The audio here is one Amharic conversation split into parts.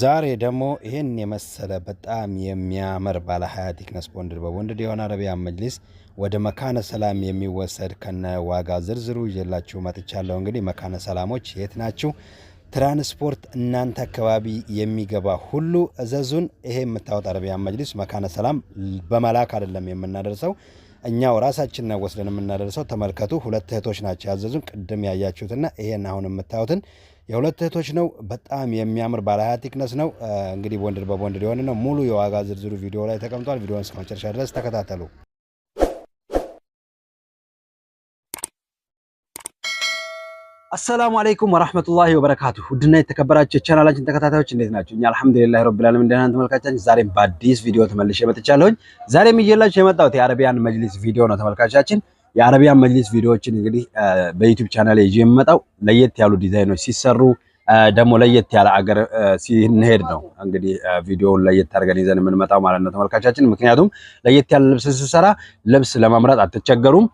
ዛሬ ደግሞ ይህን የመሰለ በጣም የሚያምር ባለ ሀያ ቲክነስ ቦንድድ በቦንድድ የሆነ አረቢያን መጅሊስ ወደ መካነ ሰላም የሚወሰድ ከነ ዋጋ ዝርዝሩ ይዤላችሁ መጥቻለሁ። እንግዲህ መካነ ሰላሞች የት ናችሁ? ትራንስፖርት እናንተ አካባቢ የሚገባ ሁሉ እዘዙን። ይሄ የምታወጥ አረቢያን መጅሊስ መካነ ሰላም በመላክ አይደለም የምናደርሰው እኛው ራሳችን ነው ወስደን የምናደርሰው። ተመልከቱ፣ ሁለት እህቶች ናቸው ያዘዙን። ቅድም ያያችሁትና ይሄን አሁን የምታዩትን የሁለት እህቶች ነው። በጣም የሚያምር ባለ ቲክነስ ነው። እንግዲህ ቦንድድ በቦንድድ የሆነ ነው። ሙሉ የዋጋ ዝርዝሩ ቪዲዮ ላይ ተቀምጧል። ቪዲዮን እስከ መጨረሻ ድረስ ተከታተሉ። አሰላሙ አለይኩም ወራህመቱላሂ ወበረካቱ ውድና የተከበራችሁ የቻናላችን ተከታታዮች እንዴት ናቸው? እኛ አልሐምዱሊላሂ ረብል ዓለሚን ደህና ነን። ተመልካቻችን ዛሬም በአዲስ ቪዲዮ ተመልሼ መጥቻለሁኝ። ዛሬም እየላችሁ የመጣሁት የአረቢያን መጅሊስ ቪዲዮ ነው። ተመልካቻችን የአረቢያን መጅሊስ ቪዲዮዎችን እንግዲህ በዩቲዩብ ቻናል ይዤ የምመጣው ለየት ያሉ ዲዛይኖች ሲሰሩ ደግሞ ለየት ያለ አገር ሲንሄድ ነው እንግዲህ ቪዲዮውን ለየት አድርገን ይዘን የምንመጣው ማለት ነው ተመልካቻችን። ምክንያቱም ለየት ያለ ልብስ ስትሰራ ልብስ ለመምረጥ አትቸገሩም።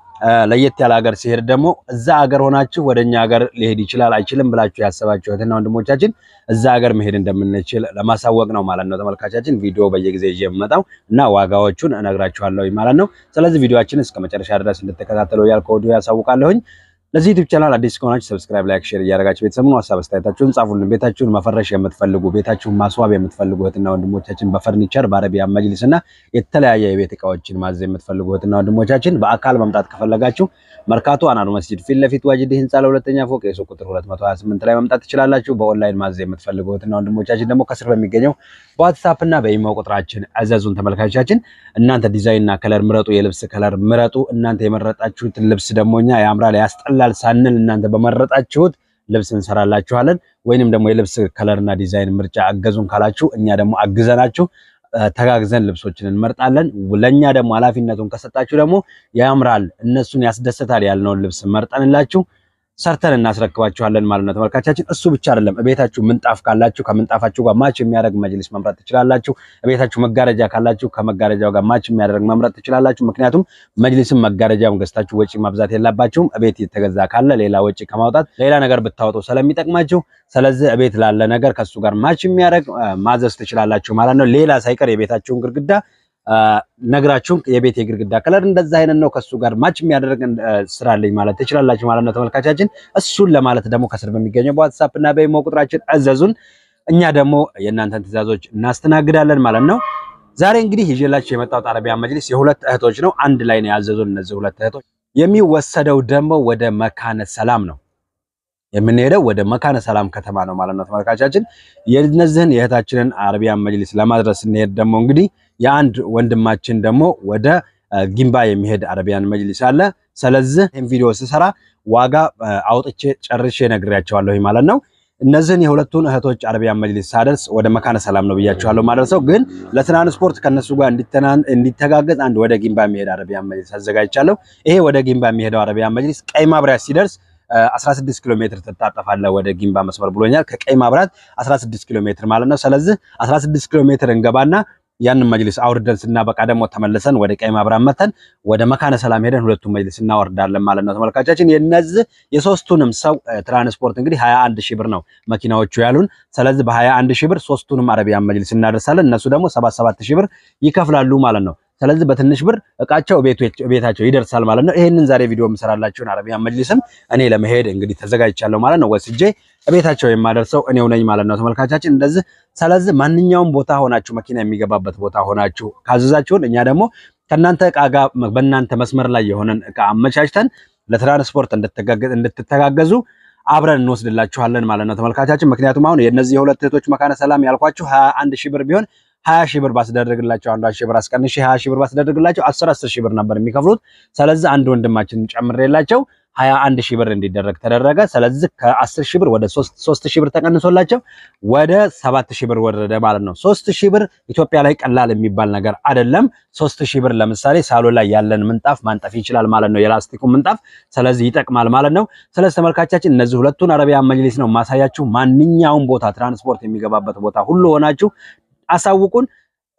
ለየት ያለ ሀገር ሲሄድ ደግሞ እዛ ሀገር ሆናችሁ ወደኛ ሀገር ሊሄድ ይችላል አይችልም ብላችሁ ያሰባችሁ እህትና ወንድሞቻችን እዛ ሀገር መሄድ እንደምንችል ለማሳወቅ ነው ማለት ነው ተመልካቻችን። ቪዲዮ በየጊዜ ይዤ የምመጣው እና ዋጋዎቹን እነግራችኋለሁ ማለት ነው። ስለዚህ ቪዲዮአችን እስከ መጨረሻ ድረስ እንድትከታተሉ ያልከወዱ ያሳውቃለሁኝ። ለዚህ ዩቲዩብ ቻናል አዲስ ከሆናችሁ ሰብስክራይብ፣ ላይክ፣ ሼር እያደረጋችሁ ቤተሰቡን ሀሳብ አስተያየታችሁን ጻፉልን። ቤታችሁን መፈረሽ የምትፈልጉ ቤታችሁን ማስዋብ የምትፈልጉ እህትና ወንድሞቻችን በፈርኒቸር በአረቢያ መጅሊስ እና የተለያየ የቤት እቃዎችን ማዘዝ የምትፈልጉ እህትና ወንድሞቻችን በአካል መምጣት ከፈለጋችሁ መርካቶ አናኑ መስጂድ ፊት ለፊት ዋጅዲ ህንፃ ለሁለተኛ ፎቅ የሱ ቁጥር 228 ላይ መምጣት ትችላላችሁ። በኦንላይን ማዘዝ የምትፈልጉ እህትና ወንድሞቻችን ደግሞ ከስር በሚገኘው በዋትሳፕ እና በኢሞ ቁጥራችን እዘዙን። ተመልካቾቻችን እናንተ ዲዛይንና ከለር ምረጡ፣ የልብስ ከለር ምረጡ። እናንተ የመረጣችሁትን ልብስ ደግሞ እኛ ያምራል ያስጠላል ቀላል ሳንል እናንተ በመረጣችሁት ልብስ እንሰራላችኋለን። ወይንም ደግሞ የልብስ ከለርና ዲዛይን ምርጫ አገዙን ካላችሁ እኛ ደግሞ አግዘናችሁ ተጋግዘን ልብሶችን እንመርጣለን። ለእኛ ደግሞ ኃላፊነቱን ከሰጣችሁ ደግሞ ያምራል፣ እነሱን ያስደስታል ያልነውን ልብስ መርጠንላችሁ ሰርተን እናስረክባችኋለን ማለት ነው ተመልካቻችን። እሱ ብቻ አይደለም፣ እቤታችሁ ምንጣፍ ካላችሁ ከምንጣፋችሁ ጋር ማች የሚያደርግ መጅልስ መምረጥ ትችላላችሁ። እቤታችሁ መጋረጃ ካላችሁ ከመጋረጃው ጋር ማች የሚያደርግ መምረጥ ትችላላችሁ። ምክንያቱም መጅሊስም መጋረጃም ገዝታችሁ ወጪ ማብዛት የላባችሁም። እቤት የተገዛ ካለ ሌላ ወጪ ከማውጣት ሌላ ነገር ብታወጡ ስለሚጠቅማችሁ፣ ስለዚህ እቤት ላለ ነገር ከሱ ጋር ማች የሚያደርግ ማዘዝ ትችላላችሁ ማለት ነው። ሌላ ሳይቀር የቤታችሁን ግድግዳ ነግራችሁን የቤት የግድግዳ ከለር እንደዛ አይነት ነው ከሱ ጋር ማች የሚያደርግ ስራልኝ ማለት ትችላላችሁ ማለት ነው ተመልካቻችን። እሱን ለማለት ደግሞ ከስር በሚገኘው በዋትሳፕ እና በኢሞ ቁጥራችን እዘዙን። እኛ ደግሞ የእናንተን ትዕዛዞች እናስተናግዳለን ማለት ነው። ዛሬ እንግዲህ ይዤላችሁ የመጣሁት አረቢያን መጅሊስ የሁለት እህቶች ነው። አንድ ላይ ነው ያዘዙን እነዚህ ሁለት እህቶች። የሚወሰደው ደግሞ ወደ መካነ ሰላም ነው። የምንሄደው ወደ መካነ ሰላም ከተማ ነው ማለት ነው ተመልካቻችን። የነዚህን የእህታችንን አረቢያን መጅሊስ ለማድረስ ስንሄድ ደግሞ እንግዲህ የአንድ ወንድማችን ደግሞ ወደ ጊምባ የሚሄድ አረቢያን መጅሊስ አለ። ስለዚህ ይህን ቪዲዮ ስሰራ ዋጋ አውጥቼ ጨርሼ ነግሬያቸዋለሁ ማለት ነው። እነዚህን የሁለቱን እህቶች አረቢያን መጅሊስ ሳደርስ ወደ መካነ ሰላም ነው ብያቸዋለሁ ማለት ግን ለትራንስፖርት ከነሱ ጋር እንዲተጋገዝ አንድ ወደ ጊምባ የሚሄድ አረቢያን መጅሊስ አዘጋጅቻለሁ። ይሄ ወደ ጊምባ የሚሄደው አረቢያን መጅሊስ ቀይ ማብሪያ ሲደርስ 16 ኪሎ ሜትር ትታጠፋለህ ወደ ጊምባ መስመር ብሎኛል። ከቀይ ማብራት 16 ኪሎ ሜትር ማለት ነው። ስለዚህ 16 ኪሎ ሜትር እንገባና ያንን መጅልስ አውርደን ስናበቃ ደግሞ ተመልሰን ወደ ቀይ ማብራት መተን ወደ መካነ ሰላም ሄደን ሁለቱን መጅልስ እናወርዳለን ማለት ነው። ተመልካቻችን የነዚህ የሶስቱንም ሰው ትራንስፖርት እንግዲህ 21 ሺህ ብር ነው መኪናዎቹ ያሉን። ስለዚህ በ21 ሺህ ብር ሶስቱንም አረቢያን መጅልስ እናደርሳለን። እነሱ ደግሞ 77 ሺህ ብር ይከፍላሉ ማለት ነው። ስለዚህ በትንሽ ብር እቃቸው ቤታቸው ይደርሳል ማለት ነው። ይሄንን ዛሬ ቪዲዮ የምሰራላችሁን አረቢያን መጅሊስም እኔ ለመሄድ እንግዲህ ተዘጋጅቻለሁ ማለት ነው። ወስጄ ቤታቸው የማደርሰው እኔው ነኝ ማለት ነው። ተመልካቻችን እንደዚህ ስለዚህ ማንኛውም ቦታ ሆናችሁ መኪና የሚገባበት ቦታ ሆናችሁ ካዘዛችሁን እኛ ደግሞ ከእናንተ እቃ ጋር በእናንተ መስመር ላይ የሆነን እቃ አመቻችተን ለትራንስፖርት እንድትተጋገዙ አብረን እንወስድላችኋለን ማለት ነው ተመልካቻችን። ምክንያቱም አሁን የእነዚህ የሁለት እህቶች መካነ ሰላም ያልኳችሁ ሀያ አንድ ሺህ ብር ቢሆን ሀያ ሺህ ብር ባስደረግላቸው አንዷ ሺህ ብር አስቀንሼ ሀያ ሺህ ብር ባስደረግላቸው አስር አስር ሺህ ብር ነበር የሚከፍሉት። ስለዚህ አንድ ወንድማችን ጨምሬላቸው ሀያ አንድ ሺህ ብር እንዲደረግ ተደረገ። ስለዚህ ከአስር ሺህ ብር ወደ ሶስት ሺህ ብር ተቀንሶላቸው ወደ ሰባት ሺህ ብር ወረደ ማለት ነው። ሶስት ሺህ ብር ኢትዮጵያ ላይ ቀላል የሚባል ነገር አይደለም። ሶስት ሺህ ብር ለምሳሌ ሳሎን ላይ ያለን ምንጣፍ ማንጠፍ ይችላል ማለት ነው፣ የላስቲኩ ምንጣፍ። ስለዚህ ይጠቅማል ማለት ነው። ስለዚህ ተመልካቻችን እነዚህ ሁለቱን አረቢያን መጅሊስ ነው ማሳያችሁ። ማንኛውም ቦታ ትራንስፖርት የሚገባበት ቦታ ሁሉ ሆናችሁ አሳውቁን፣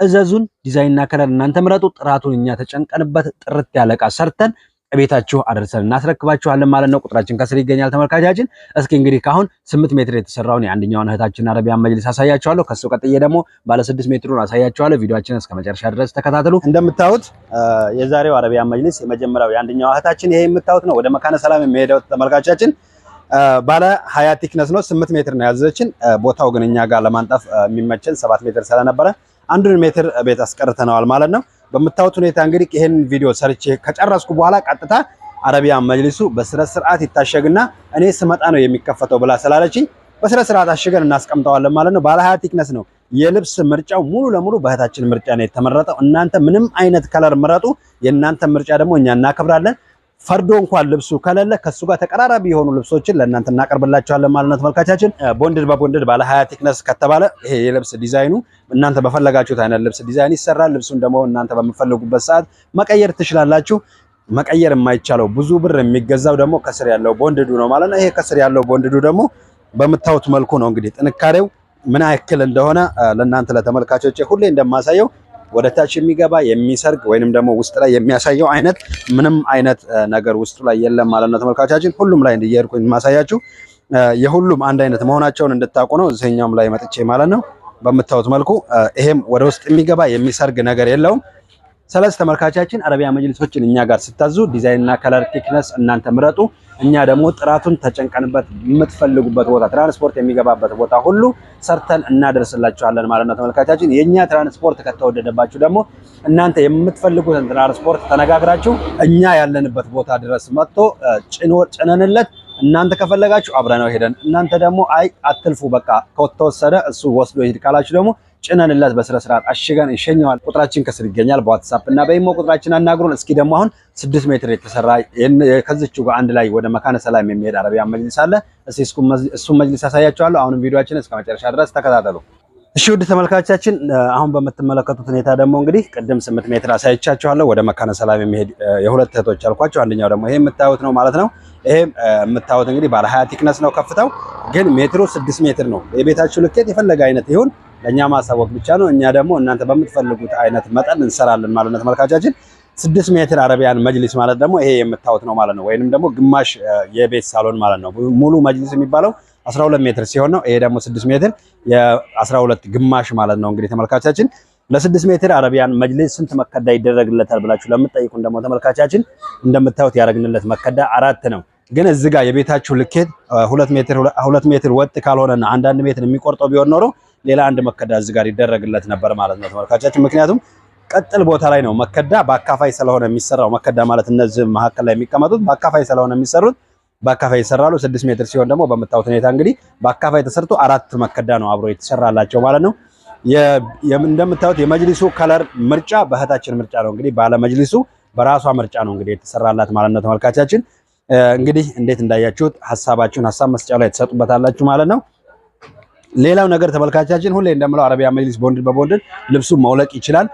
እዘዙን። ዲዛይንና ከለር እናንተ ምረጡ። ጥራቱን እኛ ተጨንቀንበት ጥርት ያለ እቃ ሰርተን ቤታችሁ አደርሰን እናስረክባችኋለን ማለት ነው። ቁጥራችን ከስር ይገኛል ተመልካቻችን። እስኪ እንግዲህ ካሁን ስምንት ሜትር የተሰራውን የአንደኛውን እህታችን አረቢያን መጅልስ አሳያችኋለሁ። ከሱ ቀጥዬ ደግሞ ባለ ስድስት ሜትሩን አሳያችኋለሁ። ቪዲዮችን እስከ መጨረሻ ድረስ ተከታተሉ። እንደምታዩት የዛሬው አረቢያን መጅልስ የመጀመሪያው የአንደኛው እህታችን ይሄ የምታዩት ነው። ወደ መካነ ሰላም የሚሄደው ተመልካቻችን ባለ ሀያ ቲክነስ ነው። ስምንት ሜትር ነው ያዘችን። ቦታው ግን እኛ ጋር ለማንጠፍ የሚመቸን ሰባት ሜትር ስለነበረ አንዱን ሜትር ቤት አስቀርተነዋል ማለት ነው። በምታዩት ሁኔታ እንግዲህ ይህን ቪዲዮ ሰርቼ ከጨረስኩ በኋላ ቀጥታ አረቢያን መጅሊሱ በስነ ስርዓት ይታሸግና እኔ ስመጣ ነው የሚከፈተው ብላ ስላለችኝ በስነ ስርዓት አሽገን እናስቀምጠዋለን ማለት ነው። ባለ ሀያ ቲክነስ ነው። የልብስ ምርጫው ሙሉ ለሙሉ በእህታችን ምርጫ ነው የተመረጠው። እናንተ ምንም አይነት ከለር ምረጡ። የእናንተ ምርጫ ደግሞ እኛ እናከብራለን። ፈርዶ እንኳን ልብሱ ከሌለ ከሱ ጋር ተቀራራቢ የሆኑ ልብሶችን ለእናንተ እናቀርብላችኋለን ማለት ነው ተመልካቻችን። ቦንድድ በቦንድድ ባለ ሀያ ቲክነስ ከተባለ ይሄ የልብስ ዲዛይኑ እናንተ በፈለጋችሁት አይነት ልብስ ዲዛይን ይሰራል። ልብሱን ደግሞ እናንተ በምፈልጉበት ሰዓት መቀየር ትችላላችሁ። መቀየር የማይቻለው ብዙ ብር የሚገዛው ደግሞ ከስር ያለው ቦንድዱ ነው ማለት ነው። ይሄ ከስር ያለው ቦንድዱ ደግሞ በምታዩት መልኩ ነው እንግዲህ ጥንካሬው ምን ያክል እንደሆነ ለእናንተ ለተመልካቾች ሁሌ እንደማሳየው ወደ ታች የሚገባ የሚሰርግ ወይንም ደግሞ ውስጥ ላይ የሚያሳየው አይነት ምንም አይነት ነገር ውስጡ ላይ የለም ማለት ነው ተመልካቾቻችን። ሁሉም ላይ እንዲየርኩኝ ማሳያችሁ የሁሉም አንድ አይነት መሆናቸውን እንድታውቁ ነው። እዚህኛውም ላይ መጥቼ ማለት ነው በምታዩት መልኩ ይሄም ወደ ውስጥ የሚገባ የሚሰርግ ነገር የለውም። ስለዚህ ተመልካቻችን አረቢያ መጅሊሶችን እኛ ጋር ስታዙ ዲዛይንና ከለር ቲክነስ እናንተ ምረጡ። እኛ ደግሞ ጥራቱን ተጨንቀንበት የምትፈልጉበት ቦታ ትራንስፖርት የሚገባበት ቦታ ሁሉ ሰርተን እናደርስላችኋለን ማለት ነው። ተመልካቻችን የእኛ ትራንስፖርት ከተወደደባችሁ ደግሞ እናንተ የምትፈልጉትን ትራንስፖርት ተነጋግራችሁ እኛ ያለንበት ቦታ ድረስ መጥቶ ጭኖ ጭነንለት እናንተ ከፈለጋችሁ አብረነው ሄደን እናንተ ደግሞ አይ አትልፉ፣ በቃ ከተወሰደ እሱ ወስዶ ይሄድ ካላችሁ ደግሞ ጭነንላት በስነ ስርዓት አሽገን እንሸኘዋል። ቁጥራችን ከስር ይገኛል። በዋትሳፕ እና በኢሞ ቁጥራችን አናግሩን። እስኪ ደግሞ አሁን ስድስት ሜትር የተሰራ ከዚቹ ጋር አንድ ላይ ወደ መካነ ሰላም የሚሄድ አረቢያን መጅሊስ አለ። እስኪ እሱን መጅሊስ አሳያቸዋለሁ። አሁንም ቪዲዮችን እስከ መጨረሻ ድረስ ተከታተሉ። እሺ ውድ ተመልካቻችን አሁን በምትመለከቱት ሁኔታ ደግሞ እንግዲህ ቅድም ስምንት ሜትር አሳይቻችኋለሁ። ወደ መካነ ሰላም የሚሄድ የሁለት እህቶች አልኳቸው። አንደኛው ደግሞ ይሄ የምታዩት ነው ማለት ነው። ይሄ የምታዩት እንግዲህ ባለ ሀያ ቲክነስ ነው ከፍተው ግን ሜትሩ ስድስት ሜትር ነው። የቤታችሁ ልኬት የፈለገ አይነት ይሁን ለእኛ ማሳወቅ ብቻ ነው። እኛ ደግሞ እናንተ በምትፈልጉት አይነት መጠን እንሰራለን ማለት ነው። ተመልካቻችን ስድስት ሜትር አረቢያን መጅሊስ ማለት ደግሞ ይሄ የምታዩት ነው ማለት ነው። ወይንም ደግሞ ግማሽ የቤት ሳሎን ማለት ነው። ሙሉ መጅሊስ የሚባለው 12 ሜትር ሲሆን ነው። ይሄ ደግሞ ስድስት ሜትር የ12 ግማሽ ማለት ነው። እንግዲህ ተመልካቻችን ለስድስት ሜትር አረቢያን መጅሊስ ስንት መከዳ ይደረግለታል ብላችሁ ለምትጠይቁን ደግሞ ተመልካቻችን እንደምታዩት ያደረግንለት መከዳ አራት ነው። ግን እዚህ ጋር የቤታችሁ ልኬት ሁለት ሜትር ሁለት ሜትር ወጥ ካልሆነና አንዳንድ ሜትር የሚቆርጠው ቢሆን ኖሮ ሌላ አንድ መከዳ እዚህ ጋር ይደረግለት ነበር ማለት ነው ተመልካቻችን። ምክንያቱም ቀጥል ቦታ ላይ ነው መከዳ በአካፋይ ስለሆነ የሚሰራው መከዳ ማለት እነዚህ መካከል ላይ የሚቀመጡት በአካፋይ ስለሆነ የሚሰሩት በአካፋይ ይሰራሉ። ስድስት ሜትር ሲሆን ደግሞ በምታዩት ሁኔታ እንግዲህ በአካፋይ ተሰርቶ አራት መከዳ ነው አብሮ የተሰራላቸው ማለት ነው። እንደምታዩት የመጅሊሱ ከለር ምርጫ በእህታችን ምርጫ ነው እንግዲህ ባለ በራሷ ምርጫ ነው እንግዲህ የተሰራላት ማለት ነው ተመልካቻችን። እንግዲህ እንዴት እንዳያችሁት ሀሳባችሁን ሀሳብ መስጫ ላይ ትሰጡበታላችሁ ማለት ነው። ሌላው ነገር ተመልካቻችን ሁሌ እንደምለው አረቢያ መጅሊስ ቦንድ በቦንድን ልብሱ ማውለቅ ይችላል፣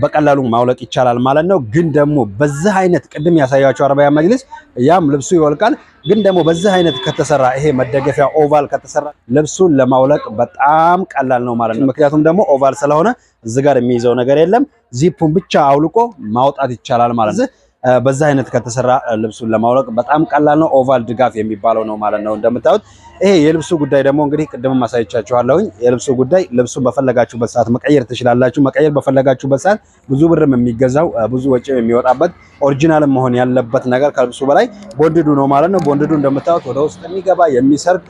በቀላሉ ማውለቅ ይቻላል ማለት ነው። ግን ደግሞ በዚህ አይነት ቅድም ያሳያቸው አረቢያ መጅሊስ ያም ልብሱ ይወልቃል። ግን ደግሞ በዚህ አይነት ከተሰራ ይሄ መደገፊያ ኦቫል ከተሰራ ልብሱን ለማውለቅ በጣም ቀላል ነው ማለት ነው። ምክንያቱም ደግሞ ኦቫል ስለሆነ እዚህ ጋር የሚይዘው ነገር የለም። ዚፑን ብቻ አውልቆ ማውጣት ይቻላል ማለት ነው። በዛ አይነት ከተሰራ ልብሱን ለማውለቅ በጣም ቀላል ነው። ኦቫል ድጋፍ የሚባለው ነው ማለት ነው እንደምታዩት ይሄ የልብሱ ጉዳይ ደግሞ እንግዲህ ቅድም ማሳየቻችኋለሁኝ። የልብሱ ጉዳይ ልብሱ በፈለጋችሁበት ሰዓት መቀየር ትችላላችሁ። መቀየር በፈለጋችሁበት ሰዓት ብዙ ብርም የሚገዛው ብዙ ወጪም የሚወጣበት ኦሪጂናልም መሆን ያለበት ነገር ከልብሱ በላይ ቦንድዱ ነው ማለት ነው። ቦንድዱ እንደምታዩት ወደ ውስጥ የሚገባ የሚሰርግ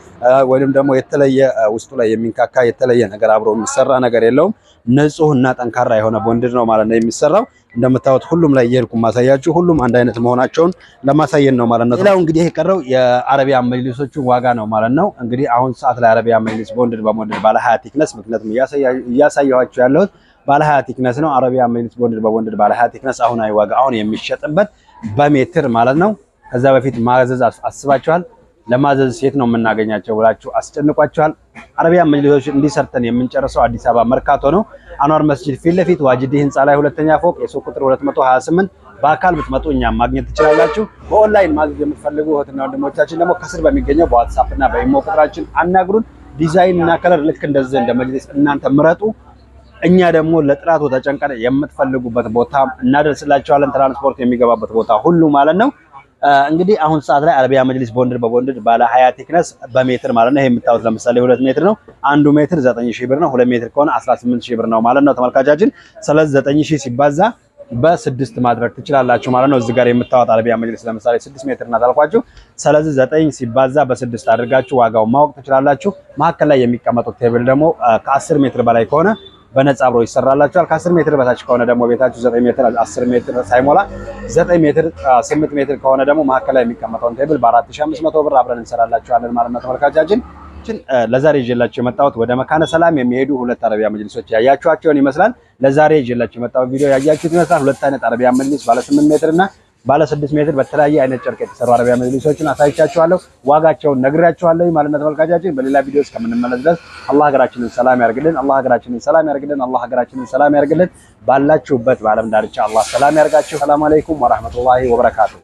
ወይም ደግሞ የተለየ ውስጡ ላይ የሚንካካ የተለየ ነገር አብሮ የሚሰራ ነገር የለውም። ንጹህና ጠንካራ የሆነ ቦንድድ ነው ማለት ነው የሚሰራው። እንደምታዩት ሁሉም ላይ እየሄድኩ ማሳያችሁ ሁሉም አንድ አይነት መሆናቸውን ለማሳየት ነው ማለት ነው። ሌላው እንግዲህ የቀረው የአረቢያን መጅሊሶቹ ዋጋ ነው ማለት ነው። ማለት ነው። እንግዲህ አሁን ሰዓት ላይ አረቢያ ማይነስ ቦንድድ በቦንድድ ባለ 20 ቲክነስ፣ ምክንያቱም እያሳየኋችሁ ያለሁት ባለ 20 ቲክነስ ነው። አረቢያ ማይነስ ቦንድድ በቦንድድ ባለ 20 ቲክነስ አሁን አይዋጋ አሁን የሚሸጥበት በሜትር ማለት ነው። ከዛ በፊት ማዘዝ አስባችኋል። ለማዘዝ ሴት ነው የምናገኛቸው ብላችሁ አስጨንቋችኋል። አረቢያን መጅሊሶች እንዲሰርተን የምንጨርሰው አዲስ አበባ መርካቶ ነው፣ አኗር መስጂድ ፊት ለፊት ዋጅዲ ህንፃ ላይ ሁለተኛ ፎቅ የሱቅ ቁጥር 228። በአካል ብትመጡ እኛ ማግኘት ትችላላችሁ። በኦንላይን ማዘዝ የምትፈልጉ እህትና ወንድሞቻችን ደግሞ ከስር በሚገኘው በዋትሳፕ እና በኢሞ ቁጥራችን አናግሩን። ዲዛይን እና ከለር ልክ እንደዚህ እንደ መጅሊስ እናንተ ምረጡ። እኛ ደግሞ ለጥራቱ ተጨንቀን የምትፈልጉበት ቦታ እናደርስላችኋለን። ትራንስፖርት የሚገባበት ቦታ ሁሉ ማለት ነው። እንግዲህ አሁን ሰዓት ላይ አረቢያ መጅሊስ ቦንድ በቦንድድ ባለ ሀያ ቴክነስ በሜትር ማለት ነው። ይሄ የምታዩት ለምሳሌ ሁለት ሜትር ነው። አንዱ ሜትር ዘጠኝ ሺህ ብር ነው። ሁለት ሜትር ከሆነ አስራ ስምንት ሺህ ብር ነው ማለት ነው ተመልካቻችን። ስለዚህ ዘጠኝ ሺህ ሲባዛ በስድስት ማድረግ ትችላላችሁ ማለት ነው። እዚህ ጋር የምታወጥ አረቢያ መጅሊስ ለምሳሌ ስድስት ሜትር እናት አልኳችሁ። ስለዚህ ዘጠኝ ሲባዛ በስድስት አድርጋችሁ ዋጋው ማወቅ ትችላላችሁ። መሀከል ላይ የሚቀመጡት ቴብል ደግሞ ከአስር ሜትር በላይ ከሆነ በነጻ አብሮ ይሰራላችኋል። ከ10 ሜትር በታች ከሆነ ደግሞ ቤታችሁ 9 ሜትር 10 ሜትር ሳይሞላ 9 ሜትር 8 ሜትር ከሆነ ደግሞ መካከላዊ የሚቀመጠውን ቴብል በ4500 ብር አብረን እንሰራላችኋለን ማለት ነው። ተመልካቻችን ለዛሬ ይዤላችሁ የመጣሁት ወደ መካነ ሰላም የሚሄዱ ሁለት አረቢያ መጅሊሶች ያያችኋቸውን ይመስላል። ለዛሬ ይዤላችሁ የመጣሁት ቪዲዮ ያያችሁት ይመስላል። ሁለት አይነት አረቢያ መጅሊስ ባለ 8 ሜትር እና ባለ ስድስት ሜትር በተለያየ አይነት ጨርቅ የተሰሩ አረቢያ መጅሊሶችን አሳይቻችኋለሁ። ዋጋቸውን ነግሬያችኋለሁ ማለት ነው። ተመልካቻችን በሌላ ቪዲዮ እስከምንመለስ ድረስ አላህ ሀገራችንን ሰላም ያርግልን። አላህ ሀገራችንን ሰላም ያርግልን። አላህ ሀገራችንን ሰላም ያርግልን። ባላችሁበት በዓለም ዳርቻ አላህ ሰላም ያርጋችሁ። ሰላም አለይኩም ወራህመቱላሂ ወበረካቱ።